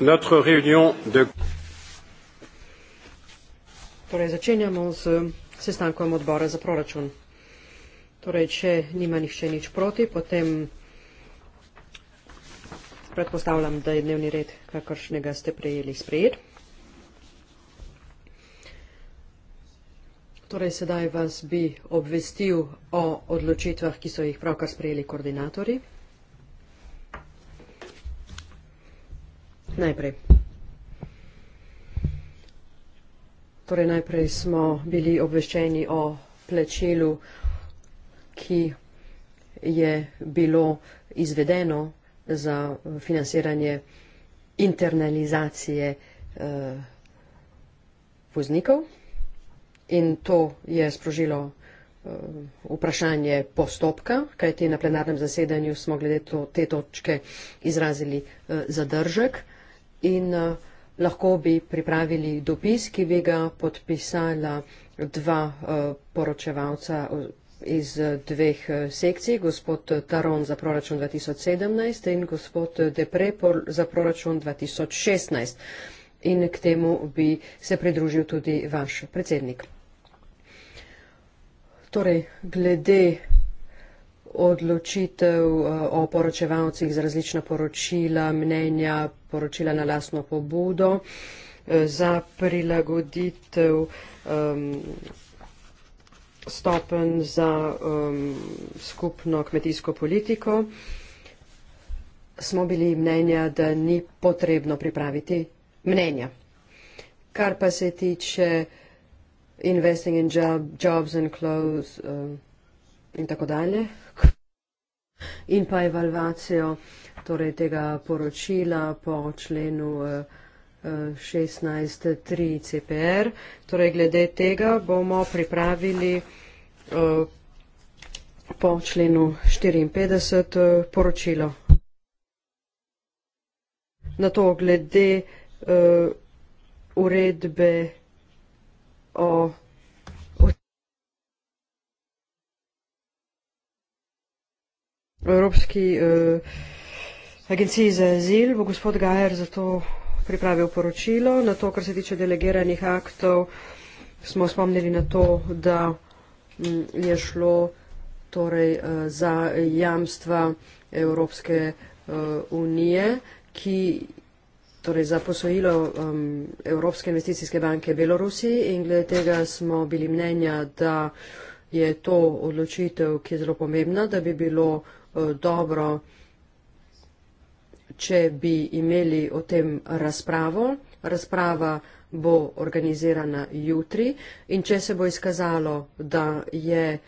notre réunion de. Torej, začenjamo z sestankom odbora za proračun. Torej, če nima nihče nič proti, potem predpostavljam, da je dnevni red, kakršnega ste prejeli, sprejet. Torej, sedaj vas bi obvestil o odločitvah, ki so jih pravkar sprejeli koordinatorji. najprej. Torej, najprej smo bili obveščeni o plačilu, ki je bilo izvedeno za financiranje internalizacije eh, voznikov in to je sprožilo eh, vprašanje postopka, kajti na plenarnem zasedanju smo glede to, te točke izrazili eh, zadržek in eh, lahko bi pripravili dopis, ki bi ga podpisala dva eh, poročevalca eh, iz dveh sekcij, gospod Taron za proračun 2017 in gospod Depre za proračun 2016. In k temu bi se pridružil tudi vaš predsednik. Torej, glede odločitev eh, o poročevalcih za različna poročila, mnenja, poročila na lasno pobudo eh, za prilagoditev um, stopen za um, skupno kmetijsko politiko, smo bili mnenja, da ni potrebno pripraviti mnenja. Kar pa se tiče investing in job, jobs and clothes, um, in tako dalje. In pa evalvacijo torej tega poročila po členu 16.3 eh, CPR. Torej, glede tega bomo pripravili eh, po členu 54 eh, poročilo. Na to glede uredbe o Evropski eh, agenciji za azil bo gospod Gajer zato pripravil poročilo. Na to, kar se tiče delegiranih aktov, smo spomnili na to, da mm, je šlo torej, eh, za jamstva Evropske eh, unije, ki torej za posojilo um, Evropske investicijske banke Belorusiji in glede tega smo bili mnenja, da je to odločitev, ki je zelo pomembna, da bi bilo Eh, dobro, če bi imeli o tem razpravo. Razprava bo organizirana jutri in če se bo izkazalo, da je eh,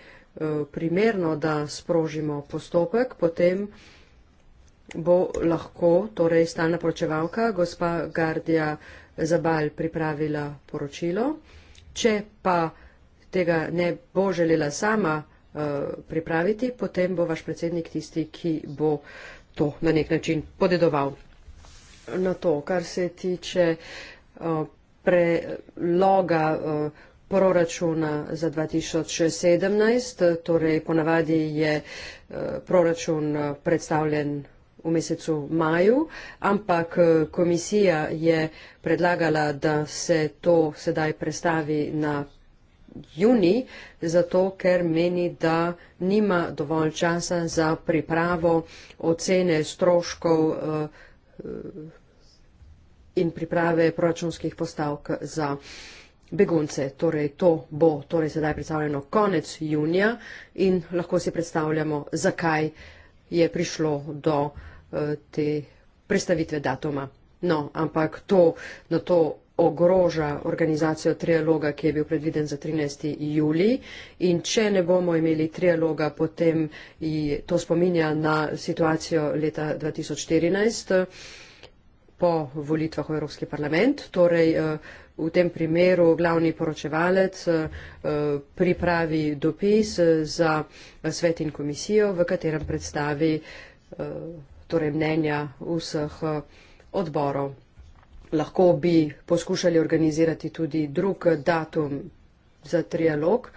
primerno, da sprožimo postopek, potem bo lahko torej stalna poročevalka gospa Gardija Zabal pripravila poročilo. Če pa tega ne bo želela sama Eh, pripraviti, potem bo vaš predsednik tisti, ki bo to na nek način podedoval. Na to, kar se tiče eh, preloga eh, proračuna za 2017, torej ponavadi je proračun predstavljen v mesecu maju, ampak komisija je predlagala, da se to sedaj predstavi na juni, zato ker meni, da nima dovolj časa za pripravo ocene stroškov eh, in priprave proračunskih postavk za begunce. Torej, to bo torej sedaj predstavljeno konec junija in lahko si predstavljamo, zakaj je prišlo do eh, te predstavitve datuma. No, ampak to, na to ogroža organizacijo trialoga, ki je bil predviden za 13. juli. In če ne bomo imeli trialoga, potem to spominja na situacijo leta 2014 po volitvah v Evropski parlament. Torej, eh, V tem primeru glavni poročevalec eh, pripravi dopis eh, za svet in komisijo, v katerem predstavi torej, mnenja vseh odborov lahko bi poskušali organizirati tudi drug datum za trialog,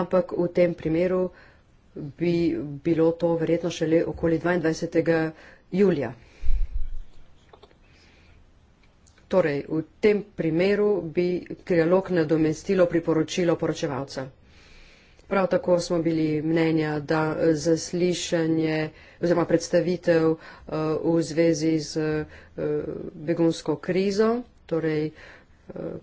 ampak v tem primeru bi bilo to verjetno šele okoli 22. julija. Torej, v tem primeru bi trialog nadomestilo priporočilo poročevalca. Prav tako smo bili mnenja, da zaslišanje oziroma predstavitev eh, v zvezi z eh, begunsko krizo, torej eh,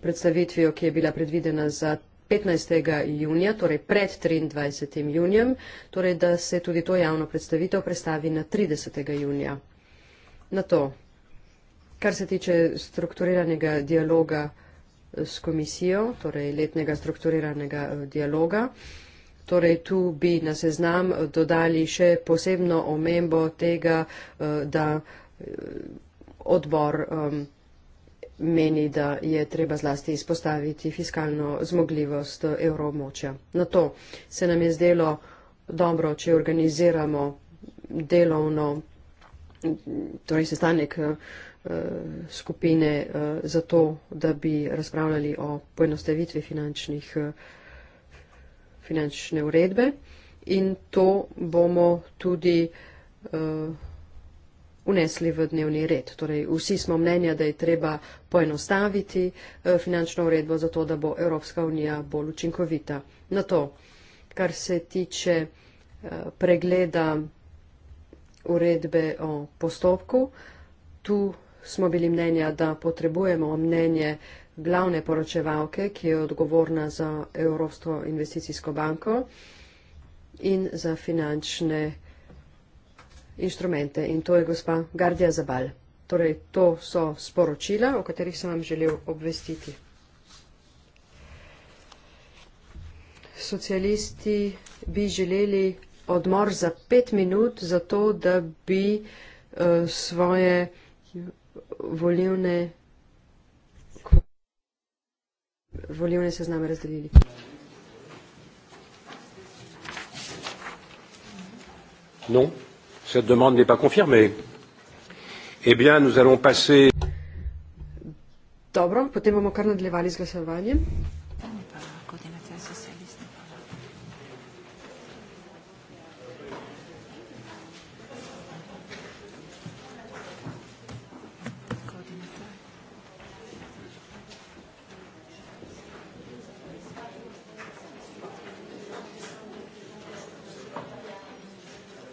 predstavitvijo, ki je bila predvidena za 15. junija, torej pred 23. junijem, torej da se tudi to javno predstavitev predstavi na 30. junija. Na to, kar se tiče strukturiranega dialoga s komisijo, torej letnega strukturiranega dialoga, Torej, tu bi na seznam dodali še posebno omembo tega, eh, da eh, odbor eh, meni, da je treba zlasti izpostaviti fiskalno zmogljivost evromočja. Na to se nam je zdelo dobro, če organiziramo delovno, torej sestanek skupine za to, da bi razpravljali o poenostavitvi finančnih finančne uredbe in to bomo tudi eh, unesli v dnevni red. Torej, vsi smo mnenja, da je treba poenostaviti eh, finančno uredbo za to, da bo Evropska unija bolj učinkovita. Na to, kar se tiče eh, pregleda uredbe o postopku, tu smo bili mnenja, da potrebujemo mnenje glavne poročevalke, ki je odgovorna za Evropsko investicijsko banko in za finančne inštrumente. In to je gospa Gardija Zabal. Torej, to so sporočila, o katerih sem vam želel obvestiti. Socialisti bi želeli odmor za pet minut, zato da bi uh, svoje volilne volivne sezname razdelili. Non, cette demande n'est pas confirmée. Eh bien, nous allons passer. Dobro, potem bomo kar nadaljevali z glasovanjem.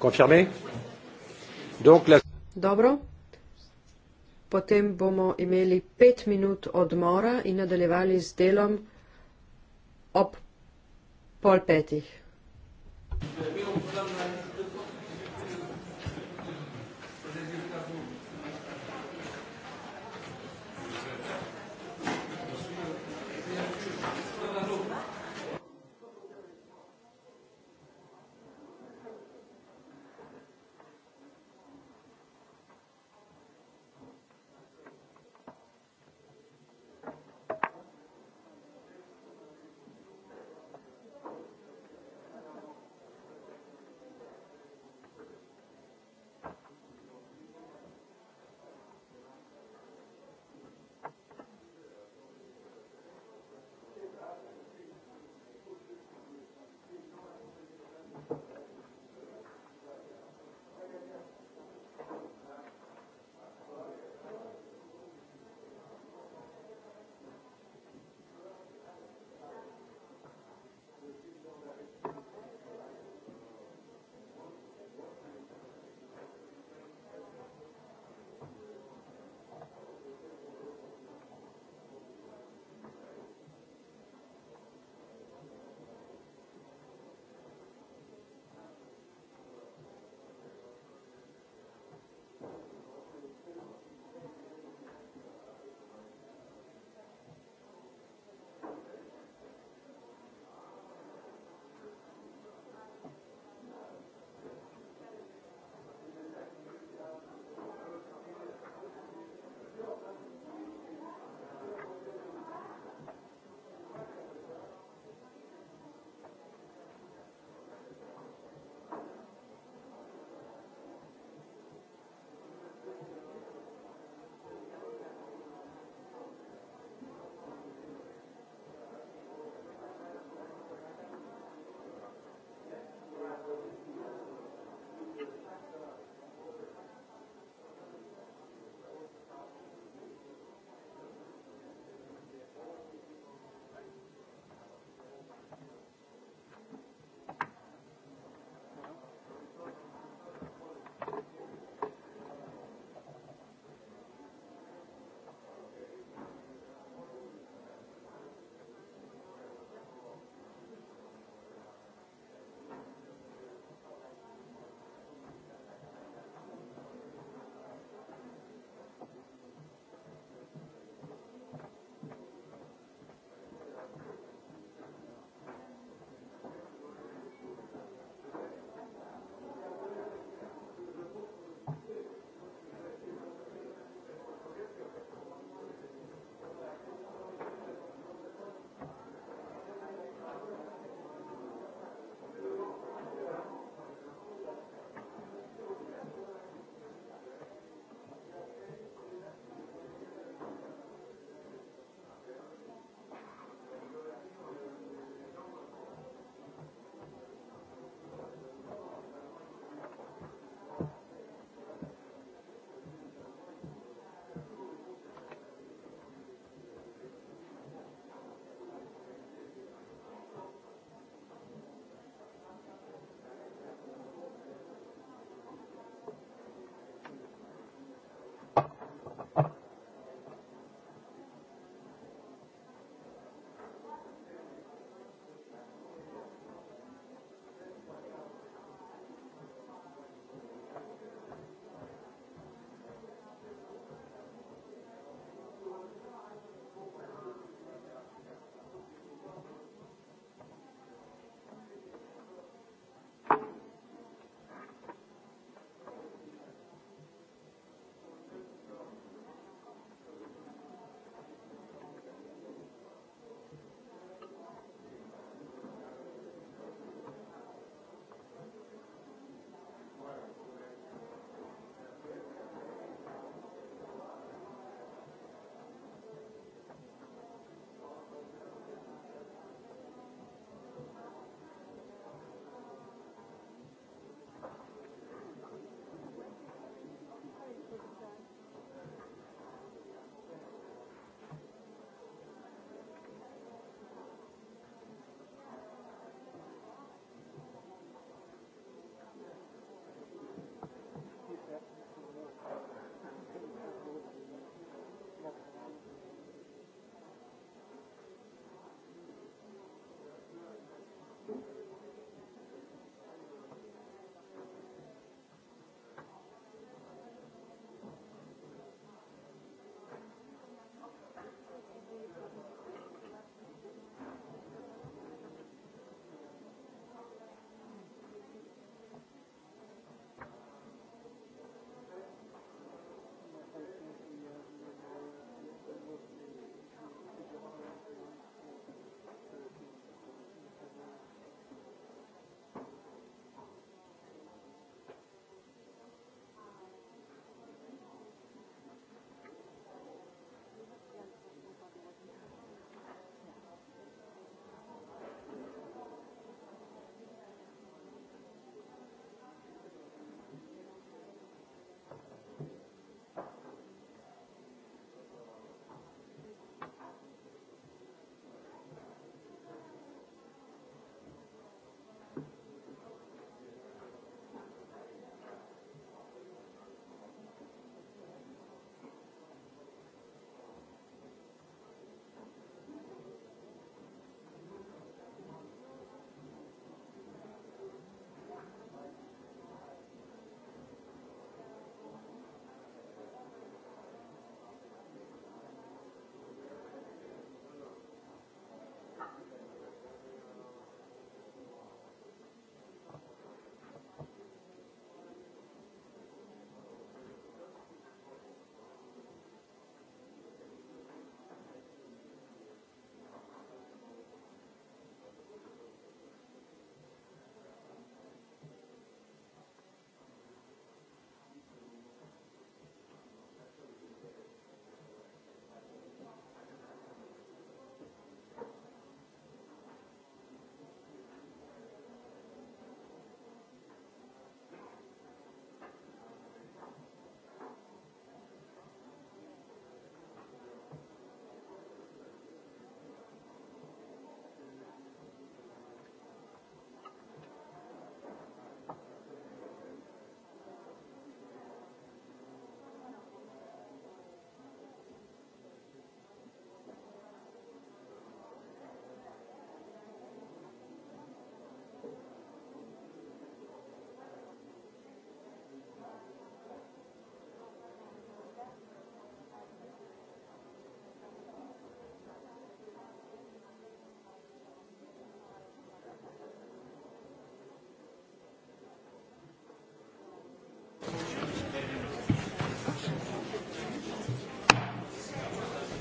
Confirmé? Donc la... Dobro. Potem bomo imeli pet minut odmora in nadaljevali z delom ob pol petih.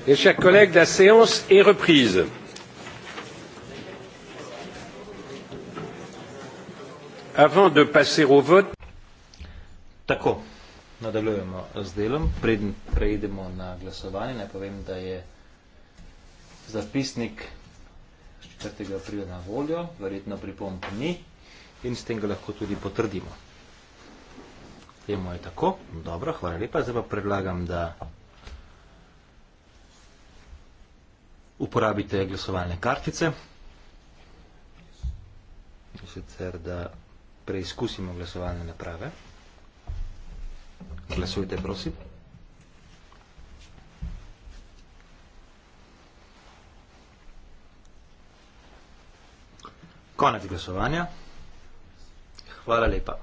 Mes chers collègues, la séance est reprise. Avant de passer au vote. Tako, nadaljujemo z delom. Preden prejdemo na glasovanje, naj povem, da je zapisnik 4. aprila na voljo, verjetno pripomb ni in s tem ga lahko tudi potrdimo. Temo je tako, dobro, hvala lepa, zdaj pa predlagam, da uporabite glasovalne kartice. Sicer, da preizkusimo glasovalne naprave. Glasujte, prosim. Konec glasovanja. Hvala lepa.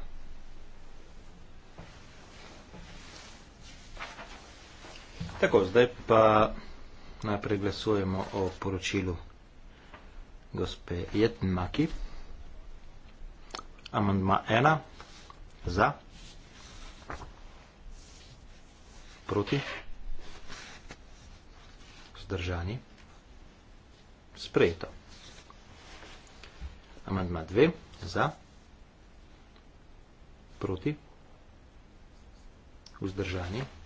Tako, zdaj pa najprej glasujemo o poročilu gospe Jetnmaki. Amandma 1 za. Proti. Zdržani. Sprejeto. Amandma 2 za. Proti. Vzdržani.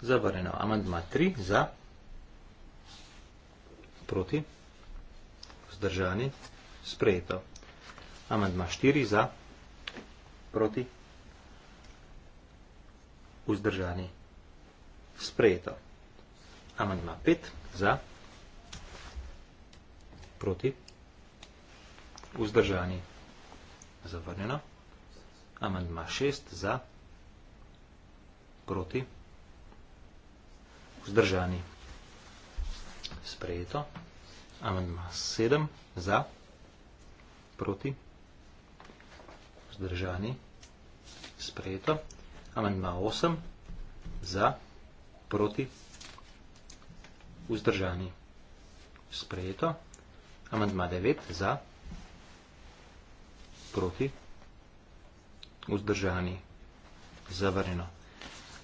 Zavrnjeno. Amandma 3 za. Proti. Vzdržani. Sprejeto. Amandma 4 za. Proti. Vzdržani. Sprejeto. Amandma 5 za. Proti. Vzdržani. Zavrnjeno. Amandma 6 za. Proti. Proti vzdržani. Sprejeto. Amendma 7. Za. Proti. Vzdržani. Sprejeto. Amendma 8. Za. Proti. Vzdržani. Sprejeto. Amendma 9. Za. Proti. Vzdržani. Zavrnjeno.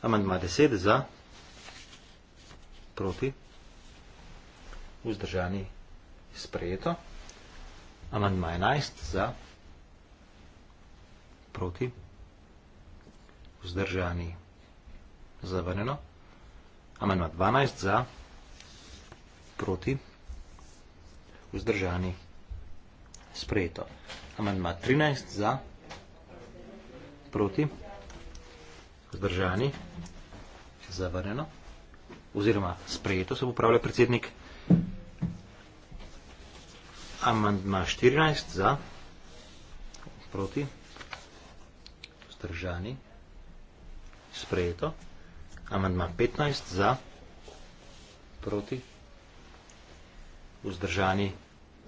Amendma 10. Za. Proti proti, vzdržani sprejeto, amandma 11 za, proti, vzdržani zavrneno, amandma 12 za, proti, vzdržani sprejeto, amandma 13 za, proti, vzdržani zavrneno, amandma 12 za, proti, vzdržani zavrneno, oziroma sprejeto se popravlja predsednik. Amandma 14 za, proti, stržani, sprejeto. Amandma 15 za, proti, vzdržani,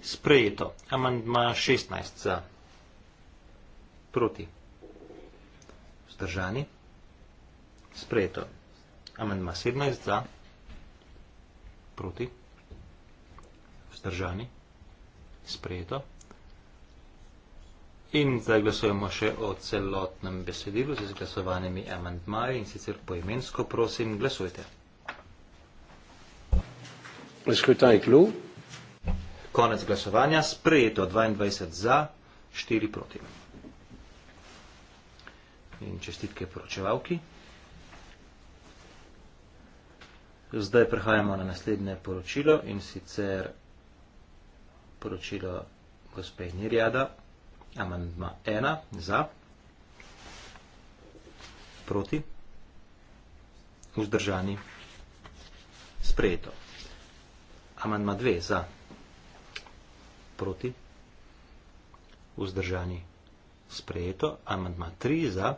sprejeto. Amandma 16 za, proti, vzdržani, sprejeto amandma 17 za, proti, vzdržani, sprejeto. In zdaj glasujemo še o celotnem besedilu z izglasovanimi amandmaji in sicer poimensko prosim glasujte. Konec glasovanja, sprejeto 22 za, 4 proti. In čestitke poročevalki. Zdaj prehajamo na naslednje poročilo in sicer poročilo gospe Nirjada, amandma 1 za, proti, vzdržani, sprejeto. Amandma 2 za, proti, vzdržani, sprejeto. Amandma 3 za,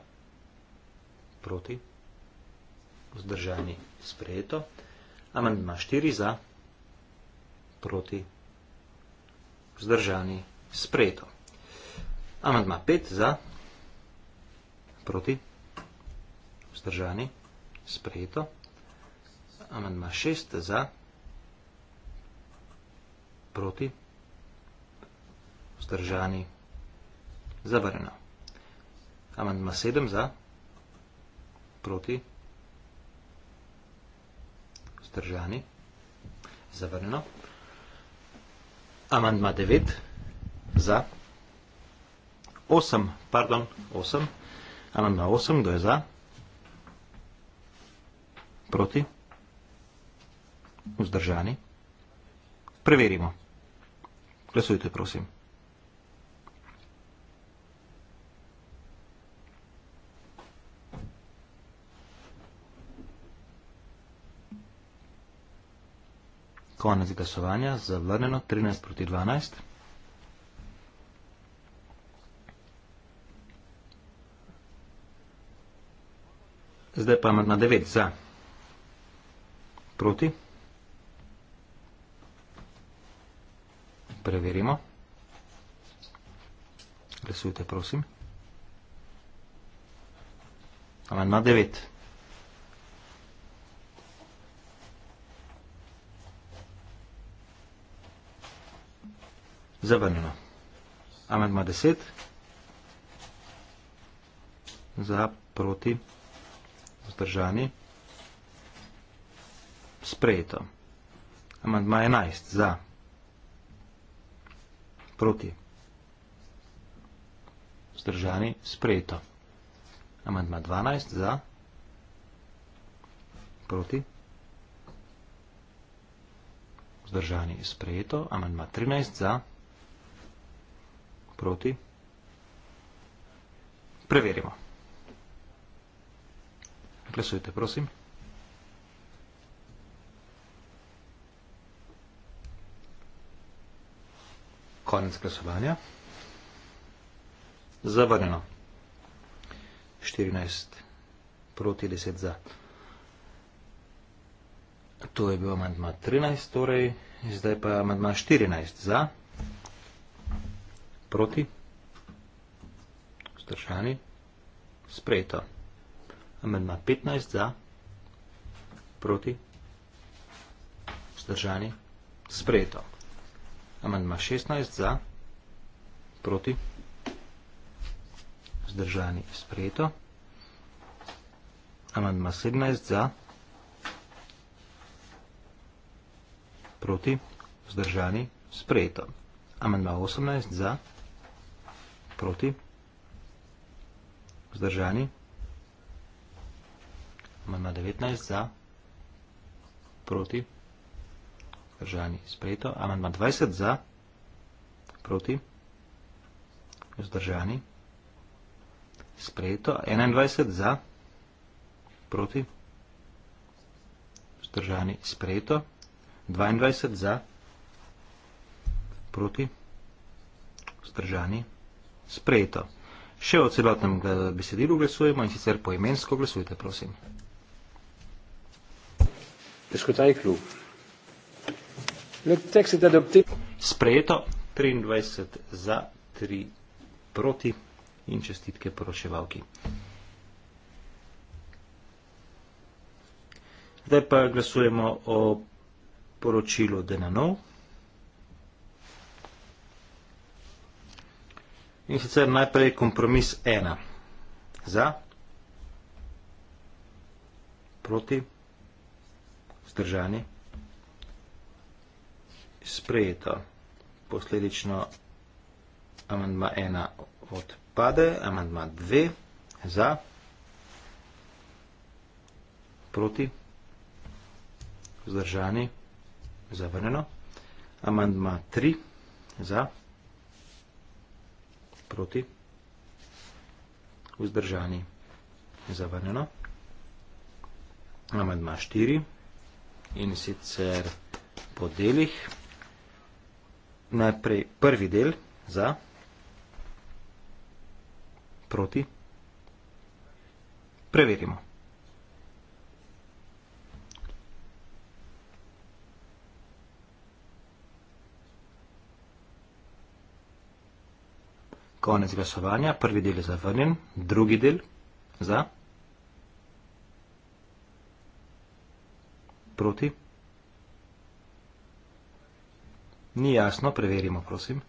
proti, vzdržani vzdržani sprejeto. Amandma 4 za, proti vzdržani sprejeto. Amandma 5 za, proti vzdržani sprejeto. Amandma 6 za, proti vzdržani zavrnjeno. Amandma 7 za, proti vzdržani sprejeto vzdržani. Zavrneno. Amandma 9 za 8, pardon, 8. Amandma 8, kdo je za? Proti? Vzdržani? Preverimo. Glasujte, prosim. konec glasovanja, zavrnjeno 13 proti 12. Zdaj pa na 9 za. Proti. Preverimo. Glasujte, prosim. Amen na 9. Zavrnjeno. Amendma 10. Za, proti, vzdržani. Sprejeto. Amendma 11. Za, proti, vzdržani. Sprejeto. Amendma 12. Za, proti, vzdržani. Sprejeto. Amendma 13. Za, proti, vzdržani proti. Preverimo. Glasujte, prosim. Konec glasovanja. Zavrneno. 14 proti 10 za. To je bil amantma 13, torej zdaj pa amantma 14 za proti, vzdržani, sprejeto. Amendma 15 za, proti, vzdržani, sprejeto. Amendma 16 za, proti, vzdržani, sprejeto. Amendma 17 za, proti, vzdržani, sprejeto. Amendma 18 za, proti, vzdržani, sprejeto proti, vzdržani, amandma 19 za, proti, vzdržani, sprejeto, amandma 20 za, proti, vzdržani, sprejeto, 21 za, proti, vzdržani, sprejeto, 22 za, proti, vzdržani, sprejeto, sprejeto. Še o celotnem besedilu glasujemo in sicer poimensko glasujte, prosim. Sprejeto, 23 za, 3 proti in čestitke poroševalki. Zdaj pa glasujemo o poročilu Denanov. In sicer najprej kompromis 1. Za, proti, zdržani, sprejeto. Posledično amandma 1 odpade, amandma 2 za, proti, zdržani, zavrneno, amandma 3 za, proti, zdržani, proti, vzdržani, zavrnjeno. Amandma 4 in sicer po delih. Najprej prvi del za, proti, preverimo. Konec glasovanja. Prvi del je zavrnjen, drugi del za. Proti. Ni jasno, preverimo, prosim.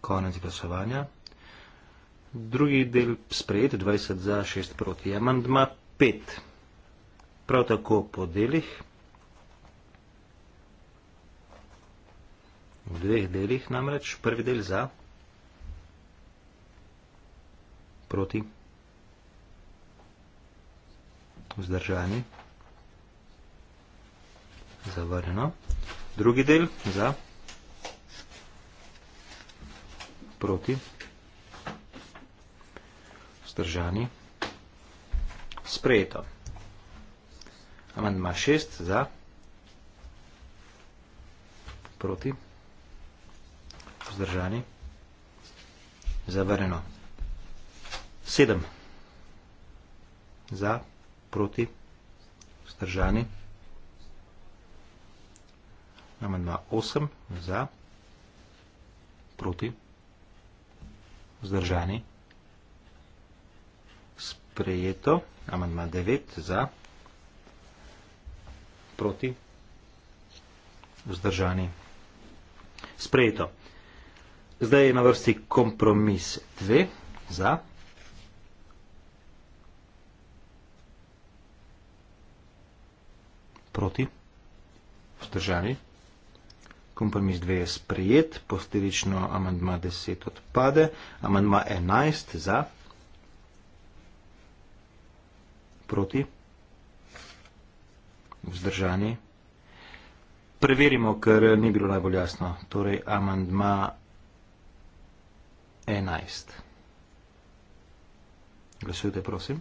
Konec glasovanja. Drugi del sprejet, 20 za, 6 proti. Amandma 5. Prav tako po delih. v dveh delih namreč, prvi del za, proti, vzdržani, zavrjeno, drugi del za, proti, vzdržani, sprejeto. Amandma šest za, proti, vzdržani, vzdržani? Zavrjeno. Sedem. Za, proti, vzdržani. Amandma osem. Za, proti, vzdržani. Sprejeto. Amandma devet. Za, proti, vzdržani. Sprejeto. Zdaj je na vrsti kompromis 2 za. Proti. Vzdržani. Kompromis 2 je sprejet, posledično amandma 10 odpade, amandma 11 za, proti, vzdržani. Preverimo, ker ni bilo najbolj jasno. Torej, amandma 11. 11. Glasujte, prosim.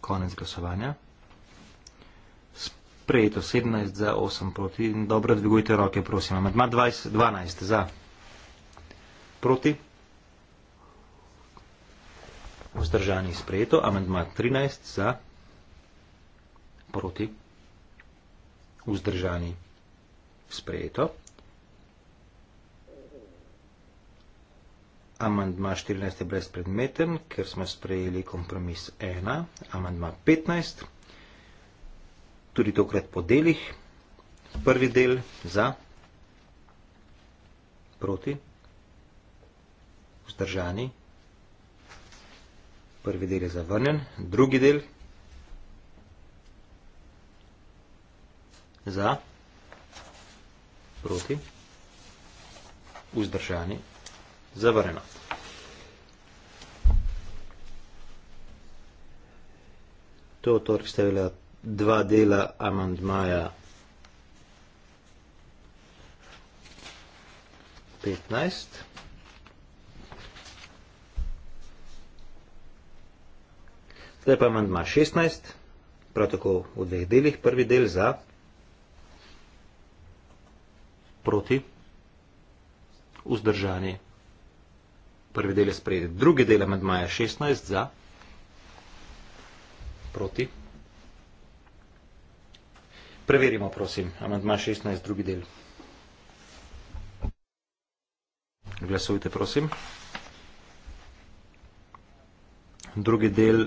Konec glasovanja. Sprejeto 17 za 8 proti. Dobro, dvigujte roke, prosim. Amadma 12 za proti. Vzdržani sprejeto. Amadma 13 za proti. Vzdržani sprejeto sprejeto. Amandma 14 je brezpredmeten, ker smo sprejeli kompromis 1. Amandma 15, tudi tokrat po delih. Prvi del za, proti, vzdržani. Prvi del je zavrnen, drugi del za, proti proti, vzdržani, zavrjeno. To torej sta bila dva dela amandmaja 15. Zdaj pa imam 16, prav tako v dveh delih. Prvi del za proti, vzdržani. Prvi del je sprejet, drugi del med maja 16 za, proti. Preverimo, prosim, amandma 16, drugi del. Glasujte, prosim. Drugi del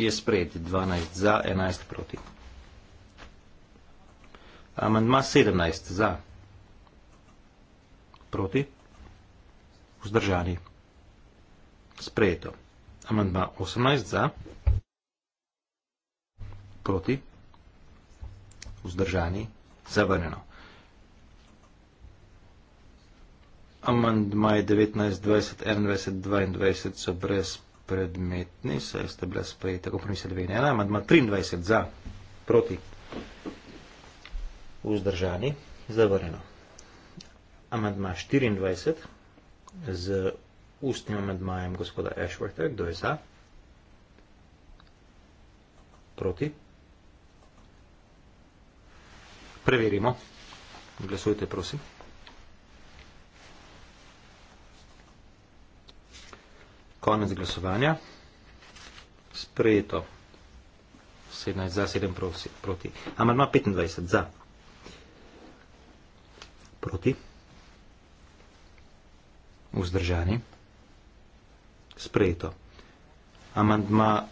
je sprejet, 12 za, 11 proti. Amandma 17 za. Proti? Vzdržani. Sprejeto. Amandma 18 za. Proti? Vzdržani. Zavrnjeno. Amandmaje 19, 20, 21, 22 so brezpredmetni, saj ste brezprejeti, tako pomislite, dve in ena. Amandma 23 za, proti, vzdržani, zavrnjeno amandma 24 z ustnim amandmajem gospoda Ashworta. Kdo je za? Proti? Preverimo. Glasujte, prosim. Konec glasovanja. Sprejeto. 17 za, 7 proti. Amandma 25 za. Proti vzdržani. Sprejeto. Amandma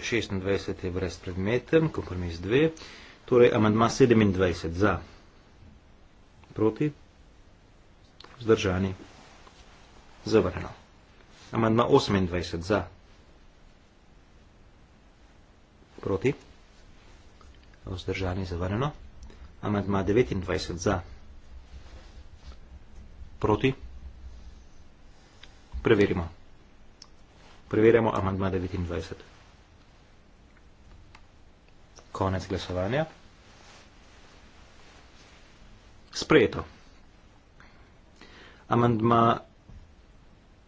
26 je brez predmetem, kompromis 2. Torej, amandma 27 za. Proti. Vzdržani. Zavrnjeno. Amandma 28 za. Proti. Vzdržani. Zavrnjeno. Amandma 29 za. Proti. Preverimo. Preverjamo amandma 29. Konec glasovanja. Sprejeto. Amandma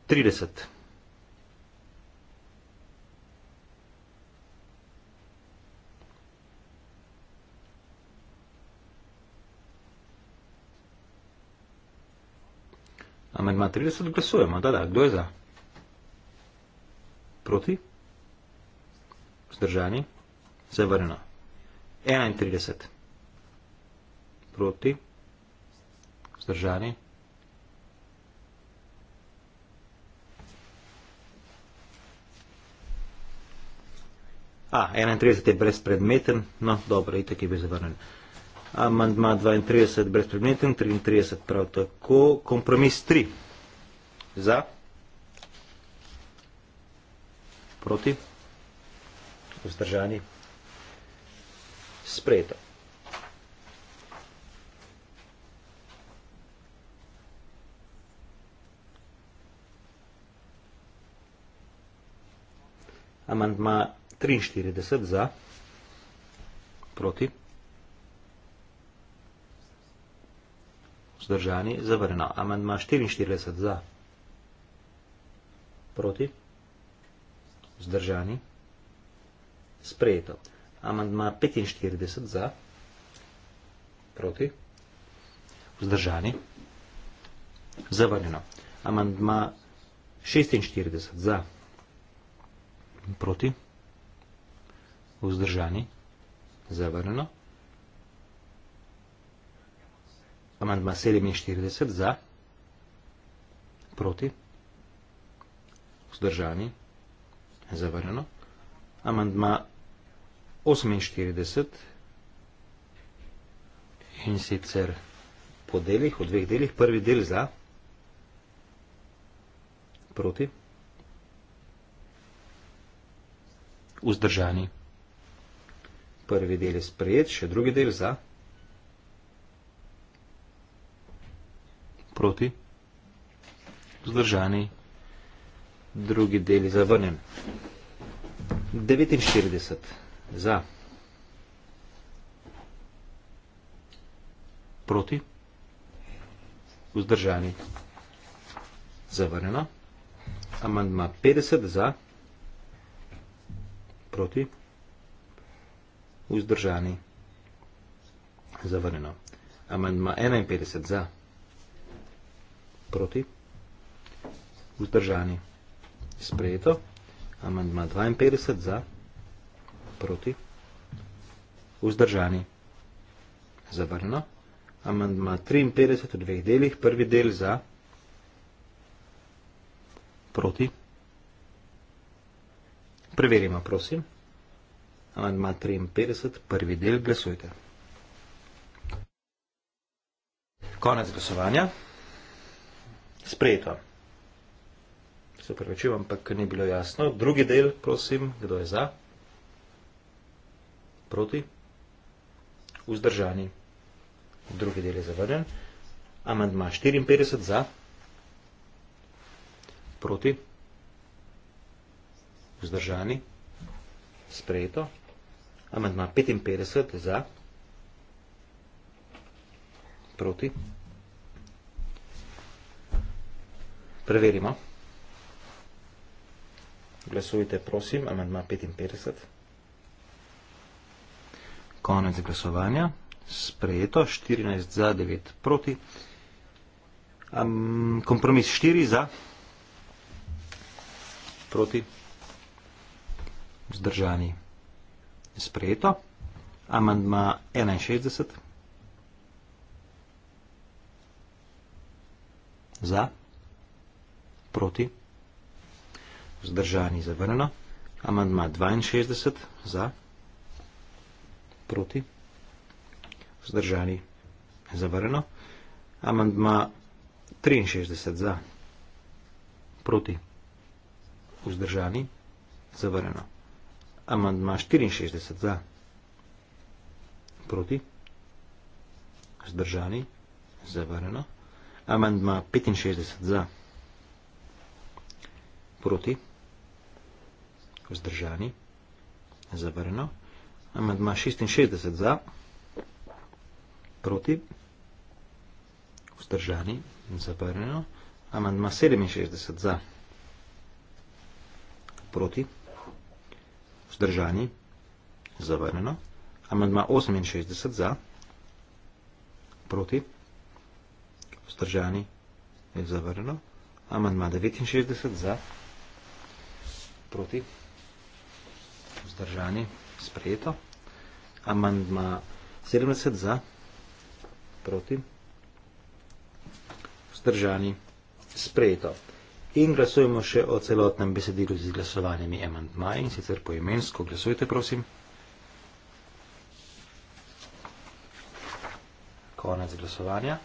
30. Amandma 30 glasujemo. Da, da, kdo je za? Proti? Vzdržani? Zavrnjeno. 31. Proti? Vzdržani? A, 31 je brezpredmeten, no dobro, itak je bil zavrnjen. Amandma 32 brezpredmeten, 33 prav tako. Kompromis 3. Za. Proti. Vzdržani. Sprejeto. Amandma 43 za. Proti. vzdržani zavrnil amandma 44 za. Proti? Vzdržani? Sprejeto. Amandma 45 za. Proti? Vzdržani? Zavrnjeno. Amandma 46 za. Proti? Vzdržani? Zavrnjeno. amandma 47 za, proti, vzdržani, zavrjeno, amandma 48 in sicer po delih, v dveh delih, prvi del za, proti, vzdržani, prvi del je sprejet, še drugi del za, proti, proti, vzdržani, drugi del zavrnjen. 49 za, proti, vzdržani, zavrnjeno. Amandma 50 za, proti, vzdržani, zavrnjeno. Amandma 51 za, proti, vzdržani, zavrnjeno. Proti? Vzdržani. Sprejeto. Amandma 52 za. Proti? Vzdržani. Zavrno. Amandma 53 v dveh delih. Prvi del za. Proti? Preverimo, prosim. Amandma 53, prvi del, glasujte. Konec glasovanja sprejeta. Se prevečujem, ampak ni bilo jasno. Drugi del, prosim, kdo je za? Proti? Vzdržani. Drugi del je zavrnjen. Amandma 54 za? Proti? Vzdržani? Sprejeto. Amandma 55 za? Proti? Preverimo. Glasujte, prosim, amendma 55. Konec glasovanja. Sprejeto, 14 za, 9 proti. Um, kompromis 4 za, proti, vzdržani. Sprejeto. Amendma 61. Za. Proti. Zdržani zavrnjeno. Amandma 62 za. Proti. Zdržani zavrnjeno. Amandma 63 za. Proti. Vzdržani. Zavrnjeno. Amandma 64 za. Proti. Vzdržani. Zavrnjeno. Amandma 65 za. Proti proti, vzdržani, zavrno. Amandma 66 za, proti, vzdržani, zavrno. Amandma 67 za, proti, vzdržani, zavrno. Amandma 68 za, proti, vzdržani, zavrno. Amandma 69 za, proti. Proti. Vzdržani. Sprejeto. Amandma 70 za. Proti. Vzdržani. Sprejeto. In glasujemo še o celotnem besedilu z izglasovanjem amandmaja in sicer poimensko. Glasujte, prosim. Konec glasovanja.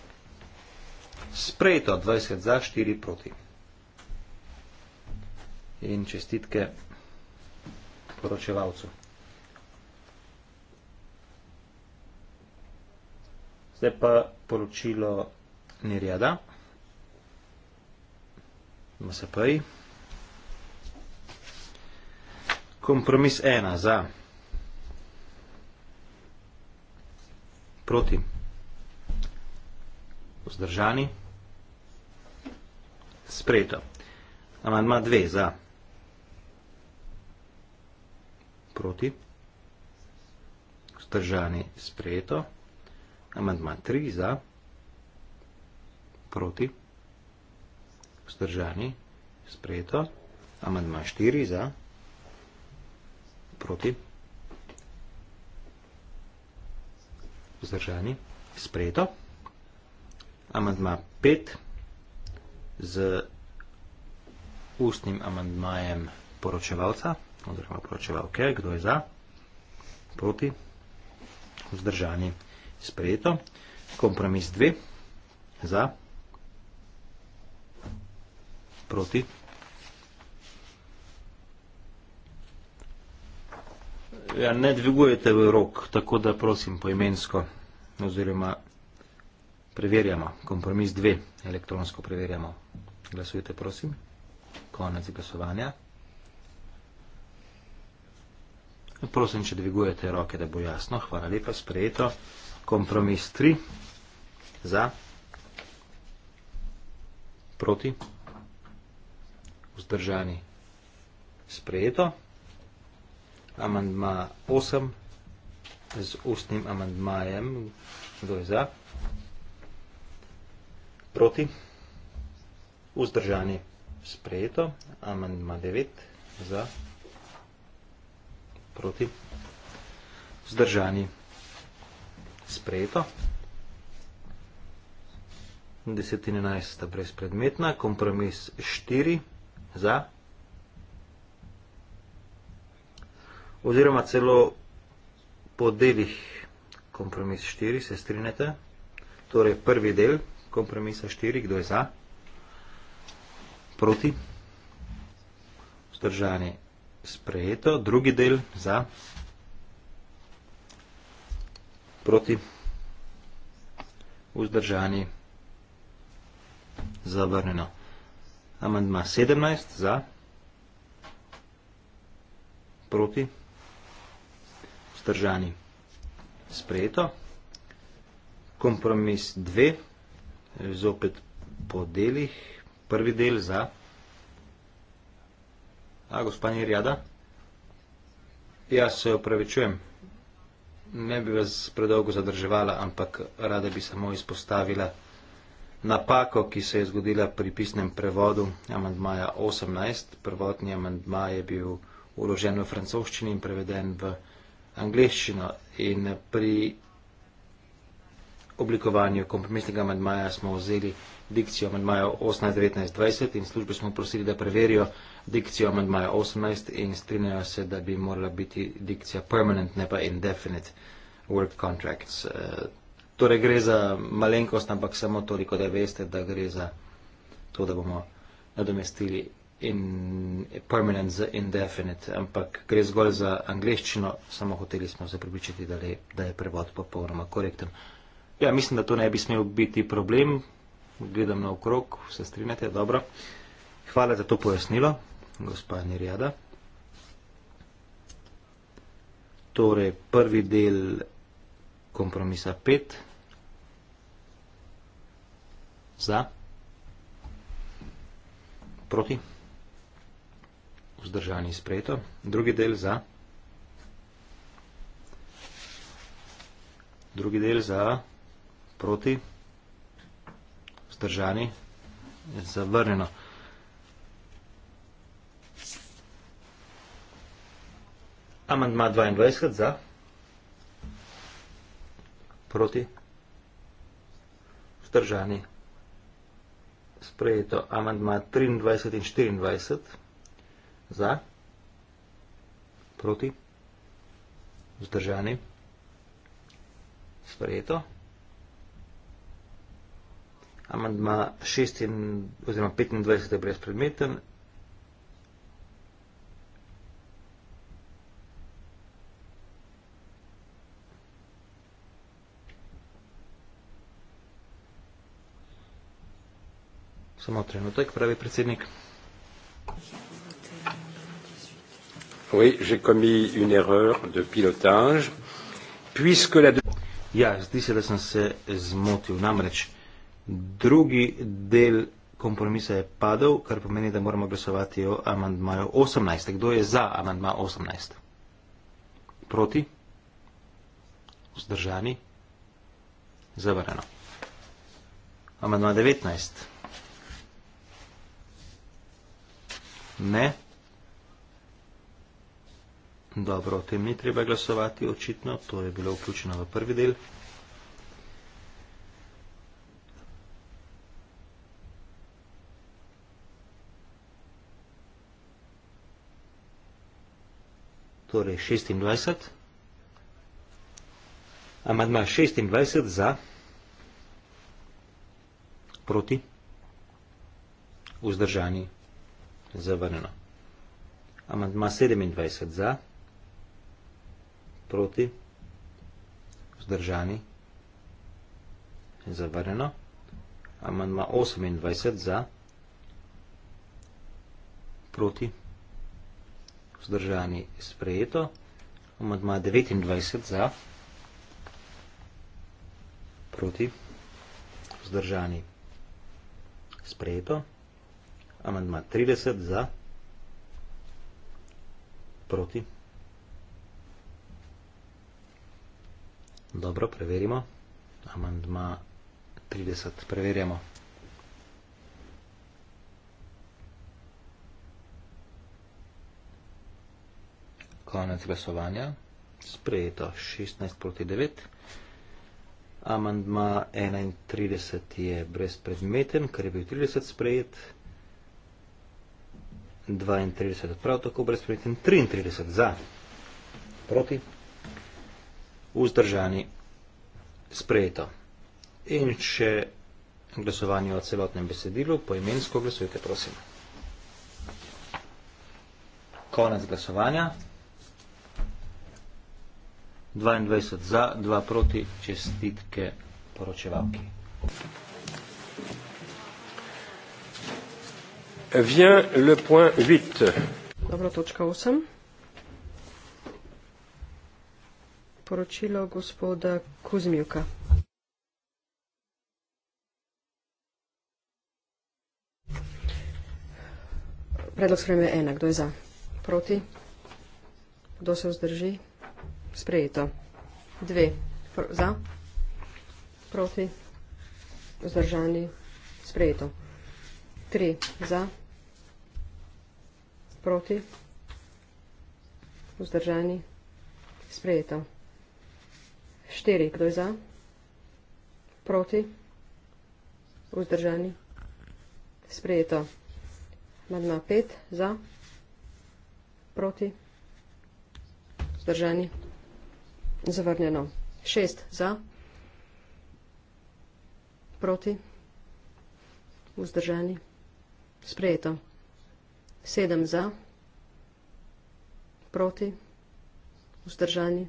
Sprejeto 20 za 4 proti in čestitke poročevalcu. Zdaj pa poročilo Nirjada, MSP-ji. Kompromis ena za proti vzdržani sprejeto. Amandma dve za vzdržani. proti. Vzdržani sprejeto. Amandma 3 za. Proti. Vzdržani sprejeto. Amandma 4 za. Proti. Vzdržani sprejeto. Amandma 5 z ustnim amandmajem poročevalca. Amandma 5 jasno oziroma poročila. Ok, kdo je za? Proti? Vzdržani? Sprejeto. Kompromis 2. Za? Proti? Ja, ne dvigujete v rok, tako da prosim poimensko oziroma preverjamo. Kompromis 2. Elektronsko preverjamo. Glasujte prosim. Konec glasovanja. Prosim, če dvigujete roke, da bo jasno. Hvala lepa, sprejeto. Kompromis 3 za, proti, vzdržani, sprejeto. Amandma 8 z ustnim amandmajem. Kdo je za? Proti, vzdržani, sprejeto. Amandma 9 za proti, vzdržani, sprejeto. Deset in enajst sta brezpredmetna, kompromis štiri za, oziroma celo po delih kompromis štiri, se strinete, torej prvi del kompromisa štiri, kdo je za, proti, vzdržanje sprejeto, drugi del za proti vzdržani zavrneno. Amandma 17 za proti vzdržani sprejeto. Kompromis 2 zopet po delih, prvi del za vzdržani. A, gospa Nirjada? Jaz se opravičujem. Ne bi vas predolgo zadrževala, ampak rada bi samo izpostavila napako, ki se je zgodila pri pisnem prevodu amandmaja 18. Prvotni amandma je bil uložen v francoščini in preveden v angliščino. In pri oblikovanju kompromisnega amadmaja smo vzeli dikcijo amadmaja 18, 19, 20 in službe smo prosili, da preverijo dikcijo amadmaja 18 in strinjajo se, da bi morala biti dikcija permanent, ne pa indefinite work contracts. Eh, torej gre za malenkost, ampak samo toliko, da veste, da gre za to, da bomo nadomestili in permanent z indefinite, ampak gre zgolj za angliščino, samo hoteli smo se pripričati, da, da je prevod popolnoma korekten. Ja, mislim, da to ne bi smel biti problem. Gledam na okrog, se strinjate, dobro. Hvala za to pojasnilo, gospa Nirjada. Torej, prvi del kompromisa 5. Za. Proti. Vzdržani sprejeto. Drugi del za. Drugi del za proti, vzdržani, zavrnjeno. Amandma 22 za, proti, vzdržani, sprejeto. Amandma 23 in 24 za, proti, vzdržani, sprejeto amandma 26 oziroma 25 je brezpredmeten. Samo trenutek, pravi predsednik. Oui, j'ai commis une erreur de pilotage. Puisque la... Ja, zdi se, da sem se zmotil. Namreč, Drugi del kompromisa je padel, kar pomeni, da moramo glasovati o amandmaju 18. Kdo je za amandma 18? Proti? Zdržani? Zavrano. Amandma 19. Ne. Dobro, o tem ni treba glasovati, očitno. To je bilo vključeno v prvi del. torej 26. Amadma 26 za, proti, vzdržani, zavrneno. Amadma 27 za, proti, vzdržani, zavrneno. Amadma 28 za, proti, vzdržani vzdržani sprejeto. Amadma 29 za, proti, vzdržani sprejeto. Amadma 30 za, proti. Dobro, preverimo. Amandma 30. Preverjamo. Konec glasovanja. Sprejeto 16 proti 9. Amandma 31 je brezpredmeten, ker je bil 30 sprejet. 32 prav tako brezpredmeten. 33 za. Proti. Vzdržani. Sprejeto. In še glasovanje o celotnem besedilu. Poimensko glasujte, prosim. Konec glasovanja. 22 za, 2 proti, čestitke poročevalki. Vien le point 8. Dobro, točka 8. Poročilo gospoda Kuzmjuka. Predlog sprejme enak. Kdo je za? Proti? Kdo se vzdrži? sprejeto. Dve Pr za, proti, vzdržani, sprejeto. Tri za, proti, vzdržani, sprejeto. Štiri, kdo je za, proti, vzdržani, sprejeto. Madna pet, za, proti, vzdržani, sprejeto. Zavrnjeno. Šest za. Proti. Vzdržani. Sprejeto. Sedem za. Proti. Vzdržani.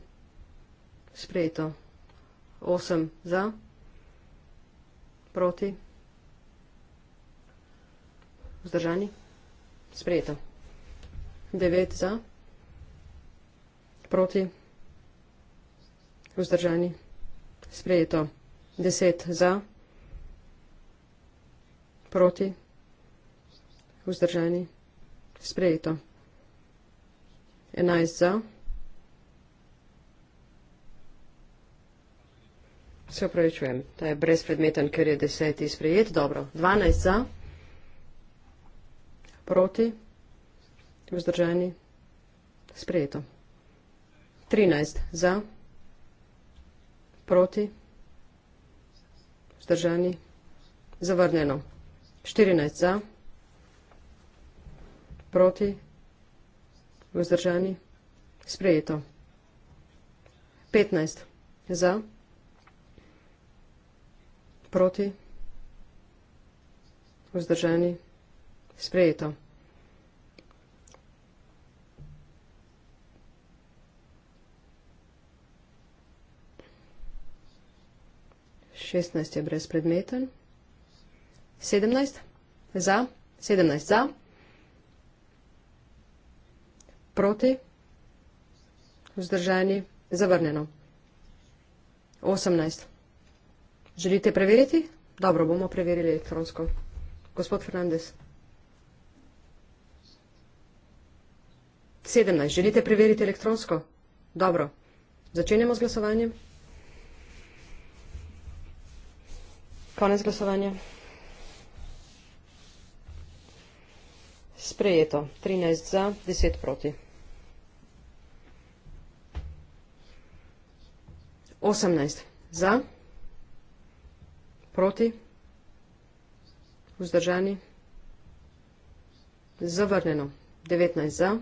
Sprejeto. Osem za. Proti. Vzdržani. Sprejeto. Devet za. Proti. Proti vzdržani. Sprejeto. Deset za, proti, vzdržani. Sprejeto. Enajst za. Se upravičujem, ta je brezpredmeten, ker je deseti sprejet. Dobro. Dvanajst za, proti, vzdržani. Sprejeto. Trinajst za. Proti. Zdržani. Zavrnjeno. 14 za. Proti. Vzdržani. Sprejeto. 15 za. Proti. Vzdržani. Sprejeto. 16 je brezpredmeten. 17 za, 17 za, proti, vzdržani, zavrnjeno. 18. Želite preveriti? Dobro, bomo preverili elektronsko. Gospod Fernandez. 17. Želite preveriti elektronsko? Dobro. Začenjamo z glasovanjem. Konec glasovanja. Sprejeto. 13 za, 10 proti. 18 za, proti, vzdržani, zavrnjeno. 19 za.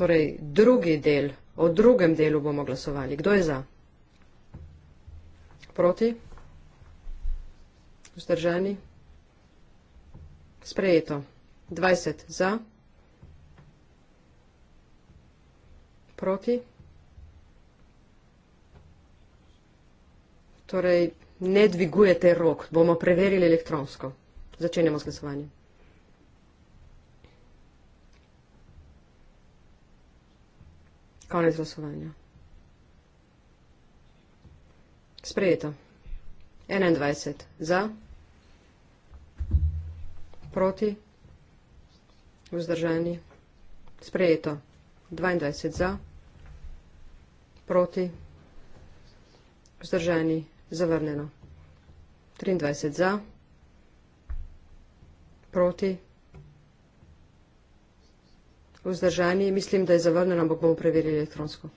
Torej, drugi del, o drugem delu bomo glasovali. Kdo je za? Proti? Vzdržani? Sprejeto. 20 za. Proti? Torej, ne dvigujete rok, bomo preverili elektronsko. Začenjamo s glasovanjem. Konec glasovanja. Sprejeto. 21. Za. Proti. Vzdržani. Sprejeto. 22. Za. Proti. Vzdržani. Zavrneno. 23. Za. Proti vzdržani. Mislim, da je zavrnjeno, ampak bomo preverili elektronsko.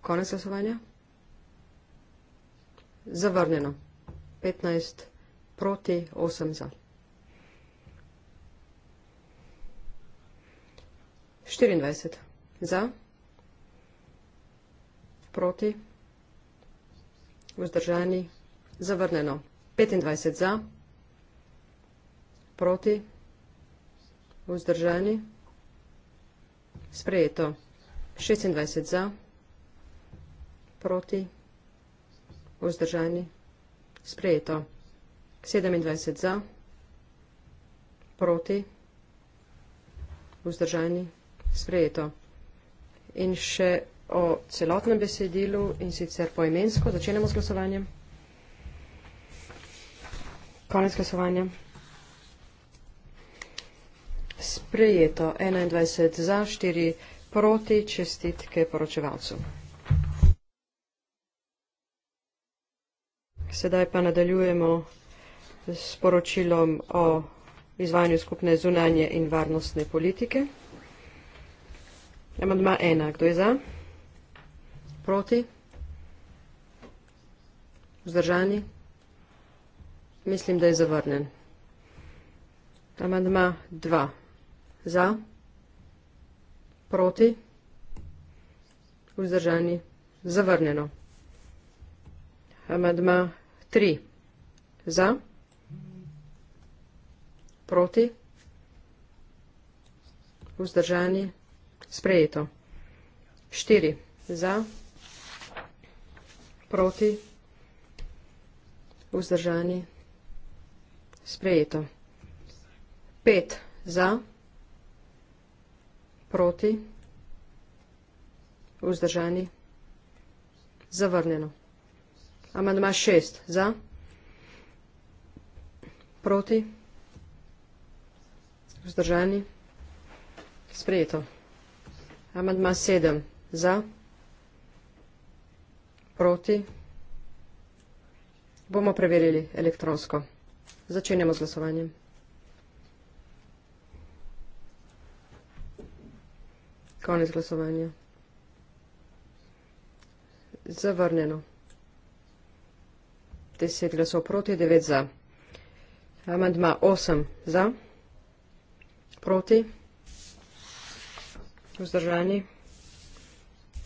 Konec glasovanja. Zavrnjeno. 15 proti, 8 za. 24 za, proti, vzdržani, zavrnjeno. 25 za, proti, vzdržani, sprejeto. 26 za, proti, vzdržani, sprejeto. 27 za, proti, vzdržani, sprejeto. In še o celotnem besedilu in sicer poimensko začenemo z glasovanjem konec glasovanja. Sprejeto 21 za 4 proti čestitke poročevalcu. Sedaj pa nadaljujemo s poročilom o izvajanju skupne zunanje in varnostne politike. Amandma 1. Kdo je za? Proti? Vzdržani? Mislim, da je zavrnen. Amandma 2. Za. Proti. Vzdržani. Zavrnjeno. Amandma 3. Za. Proti. Vzdržani. Sprejeto. 4. Za. Proti. Vzdržani. Sprejeto. Sprejeto. Pet za, proti, vzdržani, zavrnjeno. Amandma šest za, proti, vzdržani, sprejeto. Amandma sedem za, proti, bomo preverili elektronsko. Začenjamo z glasovanjem. Konec glasovanja. Zavrnjeno. Deset glasov proti, devet za. Amandma osem za, proti, vzdržani,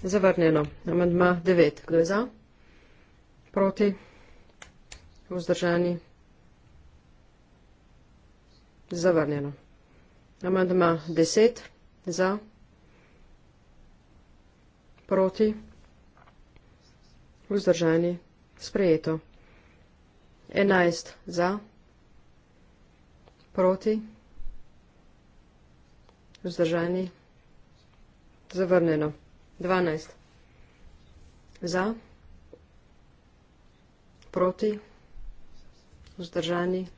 zavrnjeno. Amandma devet, kdo je za, proti, vzdržani, zavrnjeno. Zavrnjeno. Amandma 10 za, proti, vzdržani, sprejeto. 11 za, proti, vzdržani, zavrnjeno. 12 za, proti, vzdržani, sprejeto.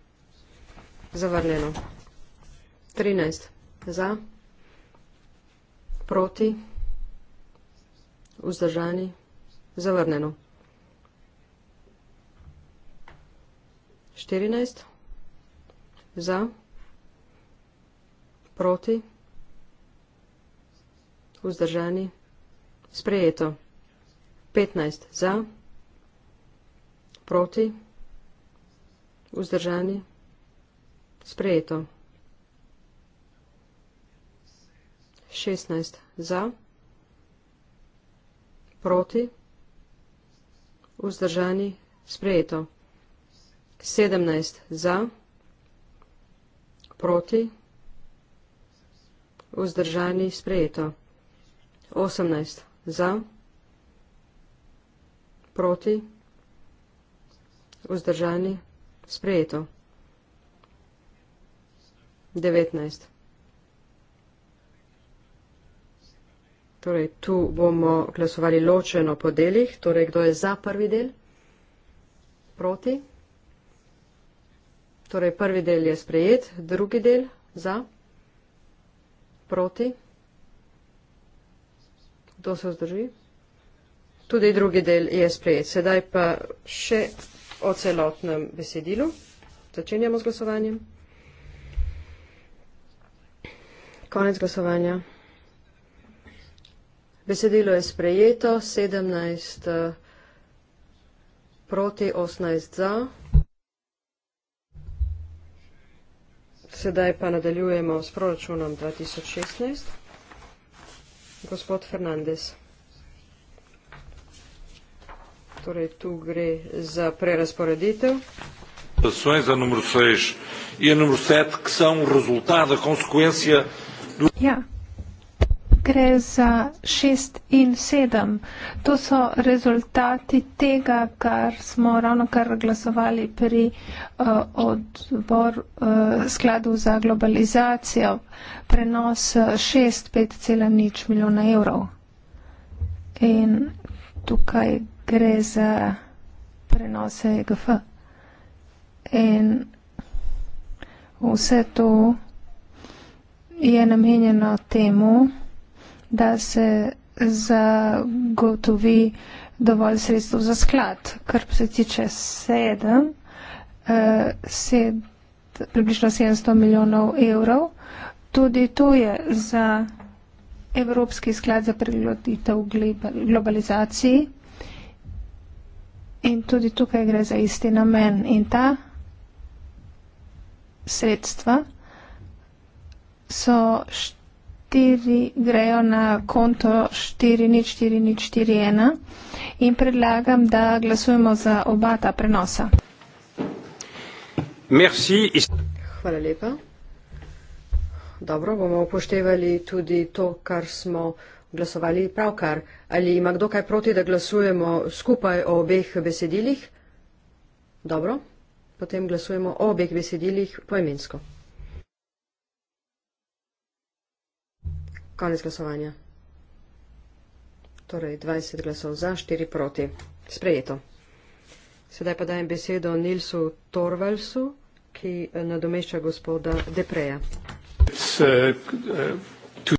Zavrnjeno. 13. Za. Proti. Vzdržani. Zavrnjeno. 14. Za. Proti. Vzdržani. Sprejeto. 15. Za. Proti. Vzdržani. Sprejeto. 16 za, proti, vzdržani, sprejeto. 17 za, proti, vzdržani, sprejeto. 18 za, proti, vzdržani, sprejeto. 19. Torej, tu bomo glasovali ločeno po delih. Torej, kdo je za prvi del? Proti? Torej, prvi del je sprejet, drugi del za? Proti? Kdo se vzdrži? Tudi drugi del je sprejet. Sedaj pa še o celotnem besedilu. Začenjamo z glasovanjem. Konec glasovanja. Besedilo je sprejeto, 17 eh, proti 18 za. Sedaj pa nadaljujemo s proračunom 2016. Gospod Fernandez. Torej, tu gre za prerasporeditev. Pasões a número 6 e a número 7, que são resultado, a consequência. Ja. Gre za 6 in 7. To so rezultati tega, kar smo ravno kar glasovali pri uh, odbor uh, skladu za globalizacijo. Prenos 6,5 eh, milijona evrov. In tukaj gre za prenose EGF. In vse to je namenjeno temu, da se zagotovi dovolj sredstv za sklad, kar se tiče sedem, eh, sed, približno 700 milijonov evrov. Tudi to je za Evropski sklad za prilagoditev globalizaciji in tudi tukaj gre za isti namen in ta sredstva so štiri, grejo na konto 404041 in predlagam, da glasujemo za oba ta prenosa. Merci. Hvala lepa. Dobro, bomo upoštevali tudi to, kar smo glasovali pravkar. Ali ima kdo kaj proti, da glasujemo skupaj o obeh besedilih? Dobro, potem glasujemo o obeh besedilih poimensko. imensko. Konec glasovanja. Torej, 20 glasov za, 4 proti. Sprejeto. Sedaj pa dajem besedo Nilsu Torvalsu, ki eh, nadomešča gospoda Depreja. Eh, eh,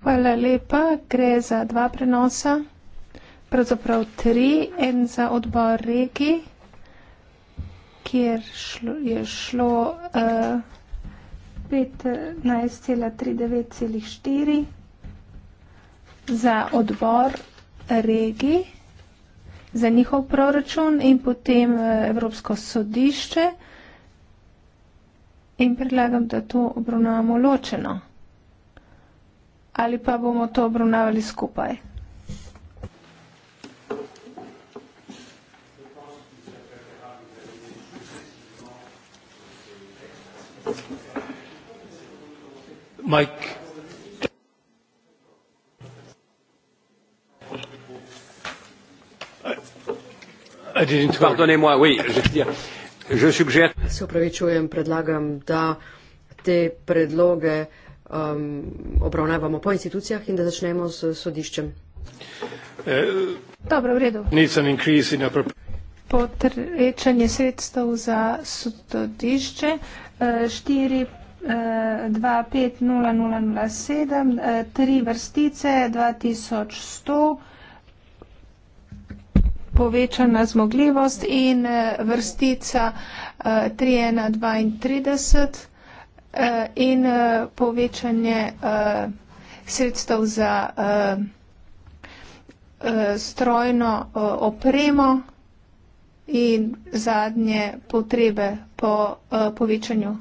Hvala lepa. Gre za dva prenosa, pravzaprav tri. En za odbor regi, kjer šlo, je šlo uh, 15,39,4 za odbor regij, za njihov proračun in potem eh, Evropsko sodišče in predlagam, da to obravnavamo ločeno. Ali pa bomo to obravnavali skupaj? Mike. Se upravičujem, predlagam, da te predloge um, obravnavamo po institucijah in da začnemo s sodiščem. Eh, Dobro, v redu. Potrečanje sredstev za sodišče 4. 2500007, 3 vrstice 2100 povečana zmogljivost in eh, vrstica 3132 eh, eh, in povečanje sredstev za strojno opremo in zadnje potrebe po povečanju.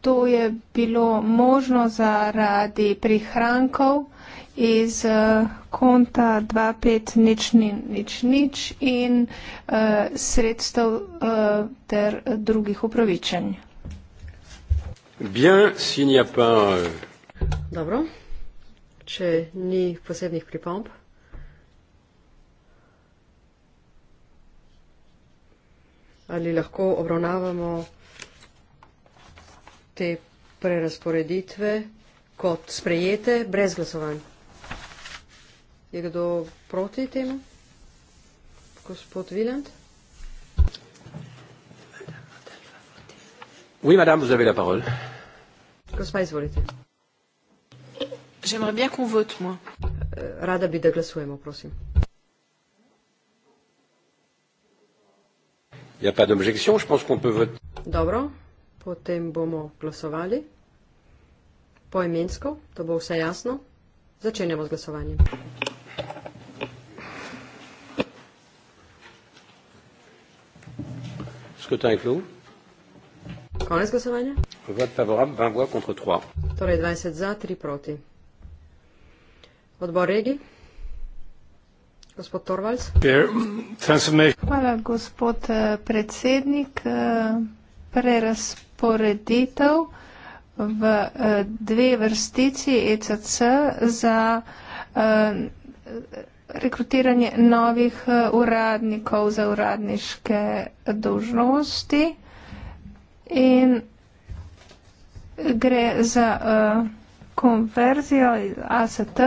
To je bilo možno zaradi prihrankov iz konta 250000 in uh, sredstev uh, ter drugih upravičenj. Bien, si pa, uh... Dobro, če ni posebnih pripomb. Ali lahko obravnavamo te prerasporeditve kot sprejete brez glasovanja? Je kdo proti temu? Gospod Viland? Oui, madame, vous avez la parole. Gospa, izvolite. J'aimerais bien qu'on vote, moi. Eh, rada bi, da glasujemo, prosim. Il n'y a pas d'objection, je pense qu'on peut voter. Dobro, potem bomo glasovali. Poimensko, to bo vse jasno. Začenjamo z glasovanjem. Scrutin est clos. Konec glasovanja. Vote favorable, 20 voix contre 3. Torej 20 za, 3 proti. Odbor regi. Gospod Torvalds. Hvala, gospod eh, predsednik. Eh, Prerasporeditev v eh, dve vrstici ECC za rekrutiranje novih eh, uradnikov za uradniške dožnosti in gre za eh, konverzijo AST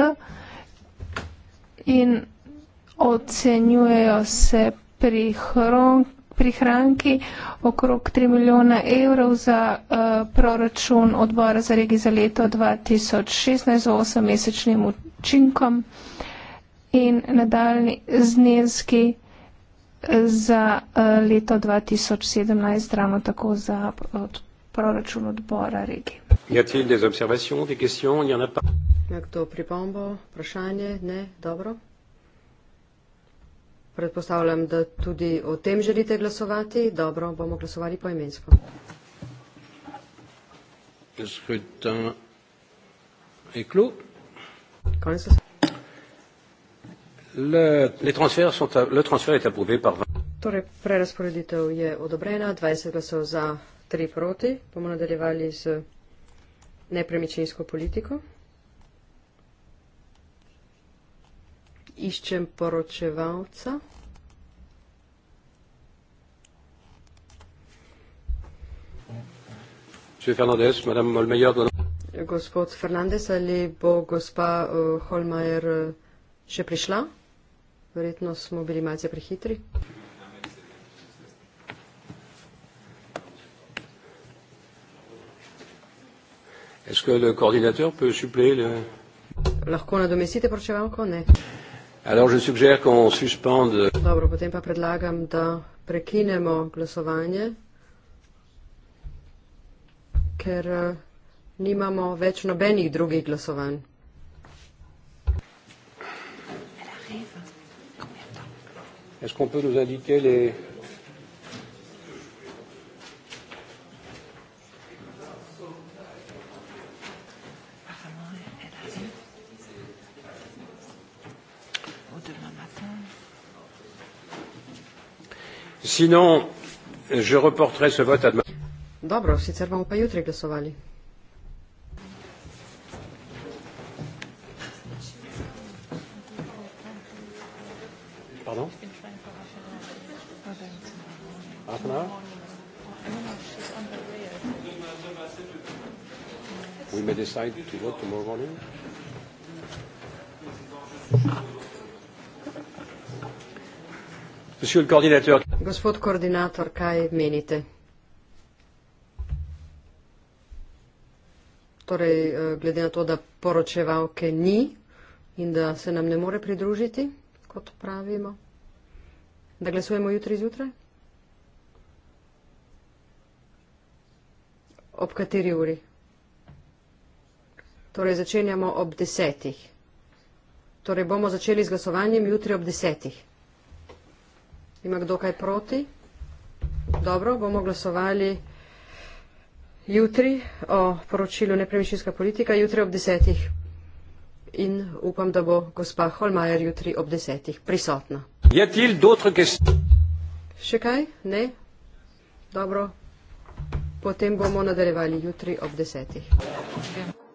in ocenjujejo se prihranki okrog 3 milijona evrov za eh, proračun odbora za regi za leto 2016 z 8-mesečnim učinkom in nadaljni zneski za eh, leto 2017, ravno tako za eh, od proračun odbora regije. Je kdo pripombo, vprašanje? Ne, dobro. Predpostavljam, da tudi o tem želite glasovati. Dobro, bomo glasovali po imensko. Konec glasovanja. Le, sont, le transfert est approuvé par 20. Torej, prerasporeditev je odobrena, 20 glasov za, 3 proti. Bomo nadaljevali z nepremičninsko politiko. Iščem poročevalca. Fernandez, Holmeyer, gospod Fernandez, ali bo gospa uh, Holmajer uh, še prišla? Verjetno smo bili malce prehitri. Est-ce que le coordinateur peut suppléer le... Alors je suggère qu'on suspende... Dobro, potem pa predlagam, da prekinemo glasovanje, ker uh, nimamo več nobenih drugih glasovanj. Est-ce qu'on peut nous indiquer les. Sinon, je reporterai ce vote à demain. Добро, офіцер вам поют, реголосували. decide to vote tomorrow morning? Gospod koordinator, kaj menite? Torej, eh, glede na to, da poročevalke ni in da se nam ne more pridružiti, kot pravimo, da glasujemo jutri zjutraj? Ob kateri uri? Torej začenjamo ob desetih. Torej bomo začeli z glasovanjem jutri ob desetih. Ima kdo kaj proti? Dobro, bomo glasovali jutri o poročilu nepremičninska politika, jutri ob desetih. In upam, da bo gospa Holmajer jutri ob desetih prisotna. Je til dotre gest? Še kaj? Ne? Dobro. Potem bomo nadaljevali jutri ob desetih. Okay.